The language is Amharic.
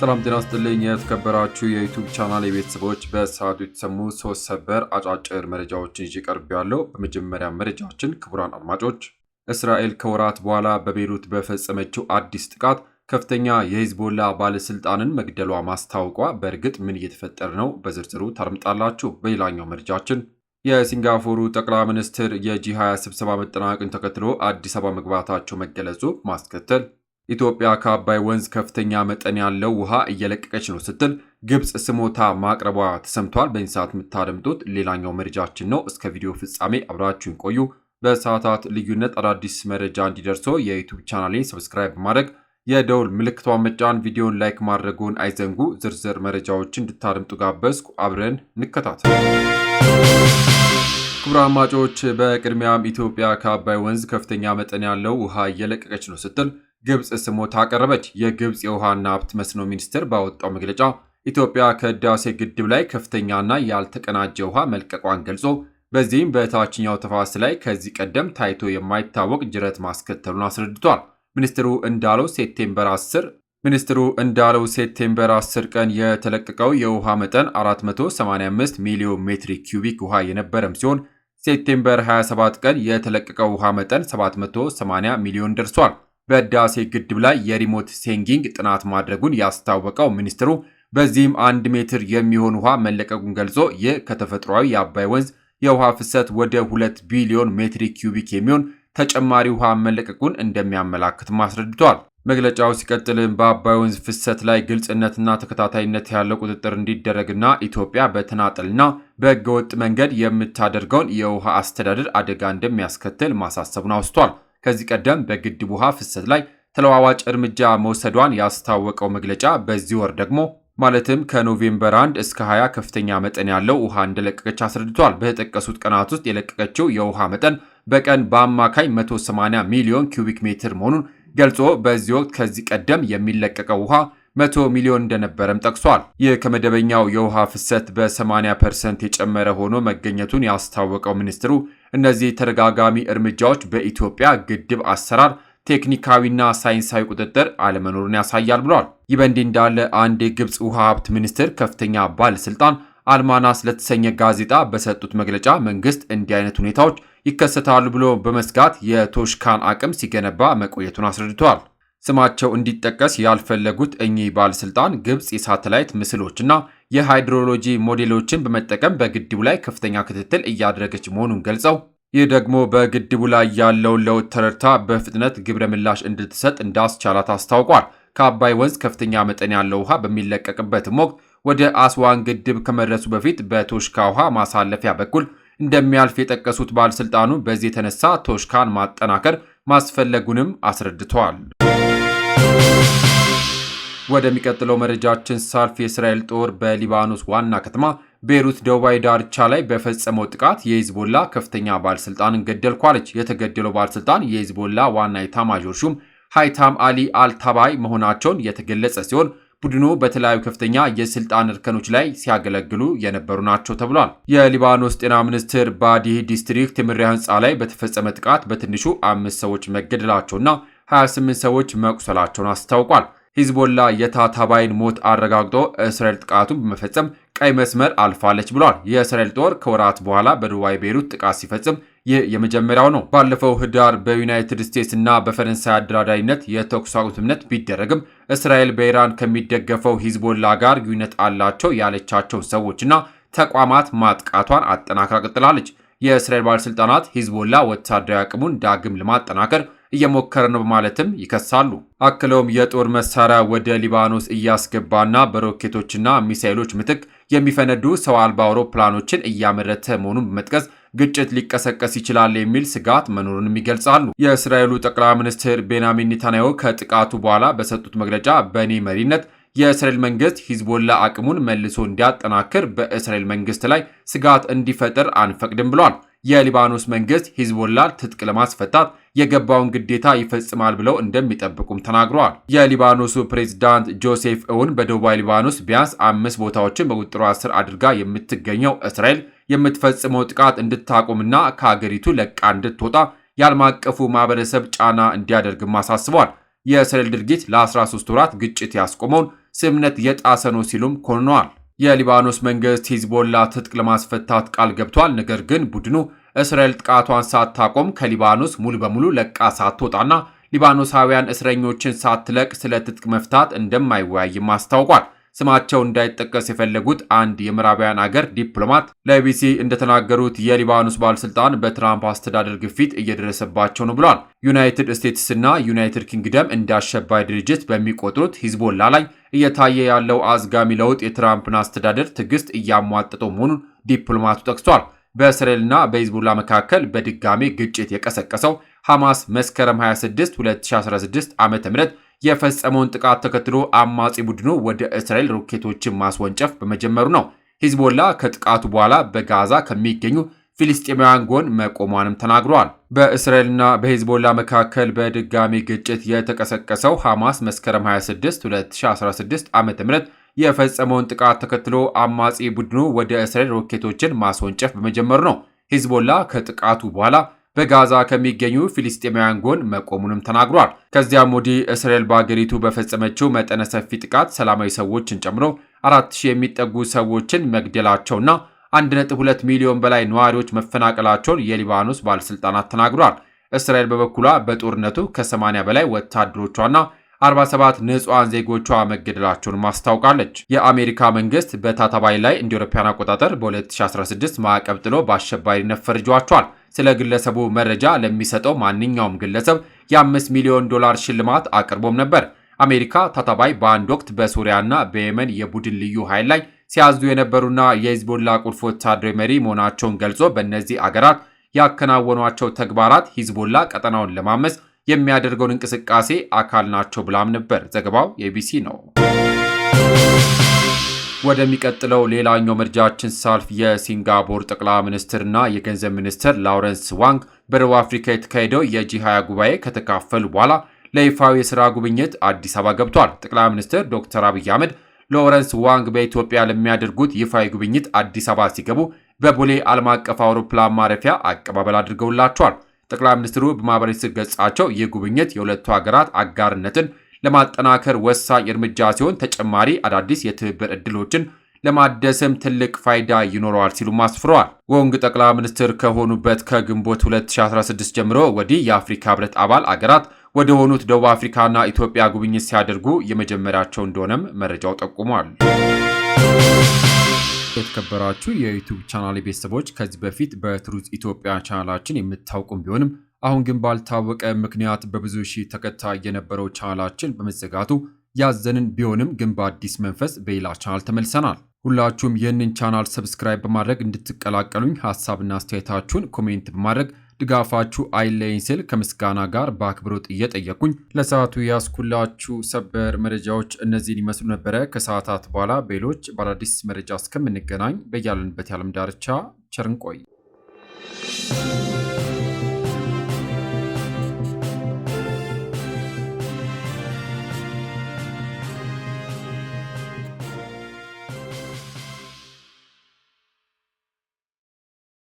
ሰላም ጤና ስጥልኝ። የተከበራችሁ የዩቱብ ቻናል የቤተሰቦች በሰዓቱ የተሰሙ ሶስት ሰበር አጫጭር መረጃዎችን ይዤ ያለው በመጀመሪያ መረጃዎችን ክቡራን አድማጮች፣ እስራኤል ከወራት በኋላ በቤይሩት በፈጸመችው አዲስ ጥቃት ከፍተኛ የሂዝቦላ ባለስልጣንን መግደሏ ማስታወቋ፣ በእርግጥ ምን እየተፈጠረ ነው? በዝርዝሩ ታርምጣላችሁ። በሌላኛው መረጃችን የሲንጋፖሩ ጠቅላይ ሚኒስትር የጂ20 ስብሰባ መጠናቀቅን ተከትሎ አዲስ አበባ መግባታቸው መገለጹ ማስከተል ኢትዮጵያ ከአባይ ወንዝ ከፍተኛ መጠን ያለው ውሃ እየለቀቀች ነው ስትል ግብፅ ስሞታ ማቅረቧ ተሰምቷል። በዚህ ሰዓት የምታደምጡት ሌላኛው መረጃችን ነው። እስከ ቪዲዮ ፍጻሜ አብራችሁን ቆዩ። በሰዓታት ልዩነት አዳዲስ መረጃ እንዲደርሶ የዩቱብ ቻናሌን ሰብስክራይብ በማድረግ የደውል ምልክቷን መጫን፣ ቪዲዮን ላይክ ማድረጉን አይዘንጉ። ዝርዝር መረጃዎችን እንድታደምጡ ጋበዝኩ። አብረን እንከታተል። ክቡር አድማጮች፣ በቅድሚያም ኢትዮጵያ ከአባይ ወንዝ ከፍተኛ መጠን ያለው ውሃ እየለቀቀች ነው ስትል ግብፅ ስሞታ አቀረበች። የግብፅ የውሃና ሀብት መስኖ ሚኒስቴር ባወጣው መግለጫ ኢትዮጵያ ከህዳሴ ግድብ ላይ ከፍተኛና ያልተቀናጀ ውሃ መልቀቋን ገልጾ በዚህም በታችኛው ተፋስ ላይ ከዚህ ቀደም ታይቶ የማይታወቅ ጅረት ማስከተሉን አስረድቷል። ሚኒስትሩ እንዳለው ሴፕቴምበር 10 ሚኒስትሩ እንዳለው ሴፕቴምበር 10 ቀን የተለቀቀው የውሃ መጠን 485 ሚሊዮን ሜትር ኪዩቢክ ውሃ የነበረም ሲሆን ሴፕቴምበር 27 ቀን የተለቀቀው ውሃ መጠን 780 ሚሊዮን ደርሷል። በህዳሴ ግድብ ላይ የሪሞት ሴንጊንግ ጥናት ማድረጉን ያስታወቀው ሚኒስትሩ በዚህም አንድ ሜትር የሚሆን ውሃ መለቀቁን ገልጾ ይህ ከተፈጥሯዊ የአባይ ወንዝ የውሃ ፍሰት ወደ 2 ቢሊዮን ሜትር ኪዩቢክ የሚሆን ተጨማሪ ውሃ መለቀቁን እንደሚያመላክትም አስረድቷል። መግለጫው ሲቀጥልም በአባይ ወንዝ ፍሰት ላይ ግልጽነትና ተከታታይነት ያለው ቁጥጥር እንዲደረግና ኢትዮጵያ በተናጠልና በህገወጥ መንገድ የምታደርገውን የውሃ አስተዳደር አደጋ እንደሚያስከትል ማሳሰቡን አውስቷል። ከዚህ ቀደም በግድብ ውሃ ፍሰት ላይ ተለዋዋጭ እርምጃ መውሰዷን ያስታወቀው መግለጫ በዚህ ወር ደግሞ ማለትም ከኖቬምበር 1 እስከ 20 ከፍተኛ መጠን ያለው ውሃ እንደለቀቀች አስረድቷል። በተጠቀሱት ቀናት ውስጥ የለቀቀችው የውሃ መጠን በቀን በአማካይ 180 ሚሊዮን ኪዩቢክ ሜትር መሆኑን ገልጾ በዚህ ወቅት ከዚህ ቀደም የሚለቀቀው ውሃ 100 ሚሊዮን እንደነበረም ጠቅሷል። ይህ ከመደበኛው የውሃ ፍሰት በ80 ፐርሰንት የጨመረ ሆኖ መገኘቱን ያስታወቀው ሚኒስትሩ እነዚህ ተደጋጋሚ እርምጃዎች በኢትዮጵያ ግድብ አሰራር ቴክኒካዊና ሳይንሳዊ ቁጥጥር አለመኖሩን ያሳያል ብሏል። ይህ በእንዲህ እንዳለ አንድ የግብፅ ውሃ ሀብት ሚኒስትር ከፍተኛ ባለስልጣን አልማናስ ለተሰኘ ጋዜጣ በሰጡት መግለጫ መንግስት እንዲህ አይነት ሁኔታዎች ይከሰታሉ ብሎ በመስጋት የቶሽካን አቅም ሲገነባ መቆየቱን አስረድተዋል። ስማቸው እንዲጠቀስ ያልፈለጉት እኚህ ባለስልጣን ግብፅ የሳተላይት ምስሎችና የሃይድሮሎጂ ሞዴሎችን በመጠቀም በግድቡ ላይ ከፍተኛ ክትትል እያደረገች መሆኑን ገልጸው ይህ ደግሞ በግድቡ ላይ ያለውን ለውጥ ተረድታ በፍጥነት ግብረ ምላሽ እንድትሰጥ እንዳስቻላት አስታውቋል። ከአባይ ወንዝ ከፍተኛ መጠን ያለው ውሃ በሚለቀቅበትም ወቅት ወደ አስዋን ግድብ ከመድረሱ በፊት በቶሽካ ውሃ ማሳለፊያ በኩል እንደሚያልፍ የጠቀሱት ባለስልጣኑ በዚህ የተነሳ ቶሽካን ማጠናከር ማስፈለጉንም አስረድተዋል። ወደሚቀጥለው መረጃችን ሳልፍ የእስራኤል ጦር በሊባኖስ ዋና ከተማ ቤሩት ደቡባዊ ዳርቻ ላይ በፈጸመው ጥቃት የሂዝቦላ ከፍተኛ ባለስልጣንን ገደልኳለች። የተገደለው ባለስልጣን የሂዝቦላ ዋና የኤታማዦር ሹም ሃይታም አሊ አልታባይ መሆናቸውን የተገለጸ ሲሆን ቡድኑ በተለያዩ ከፍተኛ የስልጣን እርከኖች ላይ ሲያገለግሉ የነበሩ ናቸው ተብሏል። የሊባኖስ ጤና ሚኒስትር ባዲህ ዲስትሪክት ምሪያ ህንፃ ላይ በተፈጸመ ጥቃት በትንሹ አምስት ሰዎች መገደላቸውና 28 ሰዎች መቁሰላቸውን አስታውቋል። ሂዝቦላ የታታባይን ሞት አረጋግጦ እስራኤል ጥቃቱን በመፈጸም ቀይ መስመር አልፋለች ብሏል። የእስራኤል ጦር ከወራት በኋላ በዱባይ ቤሩት ጥቃት ሲፈጽም ይህ የመጀመሪያው ነው። ባለፈው ህዳር በዩናይትድ ስቴትስ እና በፈረንሳይ አደራዳሪነት የተኩስ አቁም ስምምነት ቢደረግም እስራኤል በኢራን ከሚደገፈው ሂዝቦላ ጋር ግንኙነት አላቸው ያለቻቸውን ሰዎችና ተቋማት ማጥቃቷን አጠናክራ ቀጥላለች። የእስራኤል ባለሥልጣናት ሂዝቦላ ወታደራዊ አቅሙን ዳግም ለማጠናከር እየሞከረ ነው በማለትም ይከሳሉ። አክለውም የጦር መሳሪያ ወደ ሊባኖስ እያስገባና በሮኬቶችና ሚሳይሎች ምትክ የሚፈነዱ ሰው አልባ አውሮፕላኖችን እያመረተ መሆኑን በመጥቀስ ግጭት ሊቀሰቀስ ይችላል የሚል ስጋት መኖሩንም ይገልጻሉ። የእስራኤሉ ጠቅላይ ሚኒስትር ቤንያሚን ኔታንያሁ ከጥቃቱ በኋላ በሰጡት መግለጫ በእኔ መሪነት የእስራኤል መንግስት ሂዝቦላ አቅሙን መልሶ እንዲያጠናክር በእስራኤል መንግስት ላይ ስጋት እንዲፈጥር አንፈቅድም ብሏል። የሊባኖስ መንግስት ሂዝቦላን ትጥቅ ለማስፈታት የገባውን ግዴታ ይፈጽማል ብለው እንደሚጠብቁም ተናግረዋል። የሊባኖሱ ፕሬዝዳንት ጆሴፍ እውን በደቡባዊ ሊባኖስ ቢያንስ አምስት ቦታዎችን በቁጥጥሯ ስር አድርጋ የምትገኘው እስራኤል የምትፈጽመው ጥቃት እንድታቆምና ከሀገሪቱ ለቃ እንድትወጣ የዓለም አቀፉ ማህበረሰብ ጫና እንዲያደርግም አሳስቧል። የእስራኤል ድርጊት ለ13 ወራት ግጭት ያስቆመውን ስምምነት የጣሰ ነው ሲሉም ኮንነዋል። የሊባኖስ መንግስት ሂዝቦላ ትጥቅ ለማስፈታት ቃል ገብቷል። ነገር ግን ቡድኑ እስራኤል ጥቃቷን ሳታቆም ከሊባኖስ ሙሉ በሙሉ ለቃ ሳትወጣና ሊባኖሳውያን እስረኞችን ሳትለቅ ስለ ትጥቅ መፍታት እንደማይወያይም አስታውቋል። ስማቸው እንዳይጠቀስ የፈለጉት አንድ የምዕራባውያን አገር ዲፕሎማት ለቢሲ እንደተናገሩት የሊባኖስ ባለስልጣን በትራምፕ አስተዳደር ግፊት እየደረሰባቸው ነው ብሏል። ዩናይትድ ስቴትስና ዩናይትድ ኪንግደም እንደ አሸባሪ ድርጅት በሚቆጥሩት ሂዝቦላ ላይ እየታየ ያለው አዝጋሚ ለውጥ የትራምፕን አስተዳደር ትዕግስት እያሟጠጠው መሆኑን ዲፕሎማቱ ጠቅሷል። በእስራኤልና በሂዝቦላ መካከል በድጋሜ ግጭት የቀሰቀሰው ሐማስ መስከረም 26 2016 ዓ ም የፈጸመውን ጥቃት ተከትሎ አማጺ ቡድኑ ወደ እስራኤል ሮኬቶችን ማስወንጨፍ በመጀመሩ ነው። ሂዝቦላ ከጥቃቱ በኋላ በጋዛ ከሚገኙ ፊልስጤማውያን ጎን መቆሟንም ተናግረዋል። በእስራኤልና በሂዝቦላ መካከል በድጋሚ ግጭት የተቀሰቀሰው ሐማስ መስከረም 26 2016 ዓ ም የፈጸመውን ጥቃት ተከትሎ አማጺ ቡድኑ ወደ እስራኤል ሮኬቶችን ማስወንጨፍ በመጀመሩ ነው። ሂዝቦላ ከጥቃቱ በኋላ በጋዛ ከሚገኙ ፊልስጤማውያን ጎን መቆሙንም ተናግሯል። ከዚያም ወዲህ እስራኤል በአገሪቱ በፈጸመችው መጠነ ሰፊ ጥቃት ሰላማዊ ሰዎችን ጨምሮ 4000 የሚጠጉ ሰዎችን መግደላቸውና 1.2 ሚሊዮን በላይ ነዋሪዎች መፈናቀላቸውን የሊባኖስ ባለሥልጣናት ተናግሯል። እስራኤል በበኩሏ በጦርነቱ ከ80 በላይ ወታደሮቿና 47 ንጹሐን ዜጎቿ መገደላቸውን ማስታውቃለች። የአሜሪካ መንግስት በታታባይ ላይ እንደ አውሮፓውያን አቆጣጠር በ2016 ማዕቀብ ጥሎ በአሸባሪነት ፈርጇቸዋል። ስለ ግለሰቡ መረጃ ለሚሰጠው ማንኛውም ግለሰብ የ5 ሚሊዮን ዶላር ሽልማት አቅርቦም ነበር። አሜሪካ ታታባይ በአንድ ወቅት በሱሪያና በየመን የቡድን ልዩ ኃይል ላይ ሲያዙ የነበሩና የሂዝቦላ ቁልፍ ወታደራዊ መሪ መሆናቸውን ገልጾ በእነዚህ አገራት ያከናወኗቸው ተግባራት ሂዝቦላ ቀጠናውን ለማመስ የሚያደርገውን እንቅስቃሴ አካል ናቸው ብላም ነበር። ዘገባው የቢሲ ነው። ወደሚቀጥለው ሌላኛው መርጃችን ሳልፍ የሲንጋፖር ጠቅላይ ሚኒስትርና የገንዘብ ሚኒስትር ላውረንስ ዋንግ በደቡብ አፍሪካ የተካሄደው የጂ 20 ጉባኤ ከተካፈሉ በኋላ ለይፋዊ የሥራ ጉብኝት አዲስ አበባ ገብቷል። ጠቅላይ ሚኒስትር ዶክተር አብይ አህመድ ሎረንስ ዋንግ በኢትዮጵያ ለሚያደርጉት ይፋዊ ጉብኝት አዲስ አበባ ሲገቡ በቦሌ ዓለም አቀፍ አውሮፕላን ማረፊያ አቀባበል አድርገውላቸዋል። ጠቅላይ ሚኒስትሩ በማህበራዊ ትስስር ገጻቸው ይህ ጉብኝት የሁለቱ ሀገራት አጋርነትን ለማጠናከር ወሳኝ እርምጃ ሲሆን ተጨማሪ አዳዲስ የትብብር እድሎችን ለማደስም ትልቅ ፋይዳ ይኖረዋል ሲሉም አስፍረዋል። ወንግ ጠቅላይ ሚኒስትር ከሆኑበት ከግንቦት 2016 ጀምሮ ወዲህ የአፍሪካ ህብረት አባል አገራት ወደ ሆኑት ደቡብ አፍሪካና ኢትዮጵያ ጉብኝት ሲያደርጉ የመጀመሪያቸው እንደሆነም መረጃው ጠቁሟል። የተከበራችሁ የዩቱብ ቻናል ቤተሰቦች ከዚህ በፊት በትሩዝ ኢትዮጵያ ቻናላችን የምታውቁም ቢሆንም አሁን ግን ባልታወቀ ምክንያት በብዙ ሺህ ተከታይ የነበረው ቻናላችን በመዘጋቱ ያዘንን ቢሆንም ግን በአዲስ መንፈስ በሌላ ቻናል ተመልሰናል። ሁላችሁም ይህንን ቻናል ሰብስክራይብ በማድረግ እንድትቀላቀሉኝ ሀሳብና አስተያየታችሁን ኮሜንት በማድረግ ድጋፋችሁ አይለይኝ ስል ከምስጋና ጋር በአክብሮት እየጠየኩኝ ለሰዓቱ ያስኩላችሁ ሰበር መረጃዎች እነዚህን ይመስሉ ነበረ። ከሰዓታት በኋላ በሌሎች በአዳዲስ መረጃ እስከምንገናኝ በያለንበት የዓለም ዳርቻ ቸርን ቆይ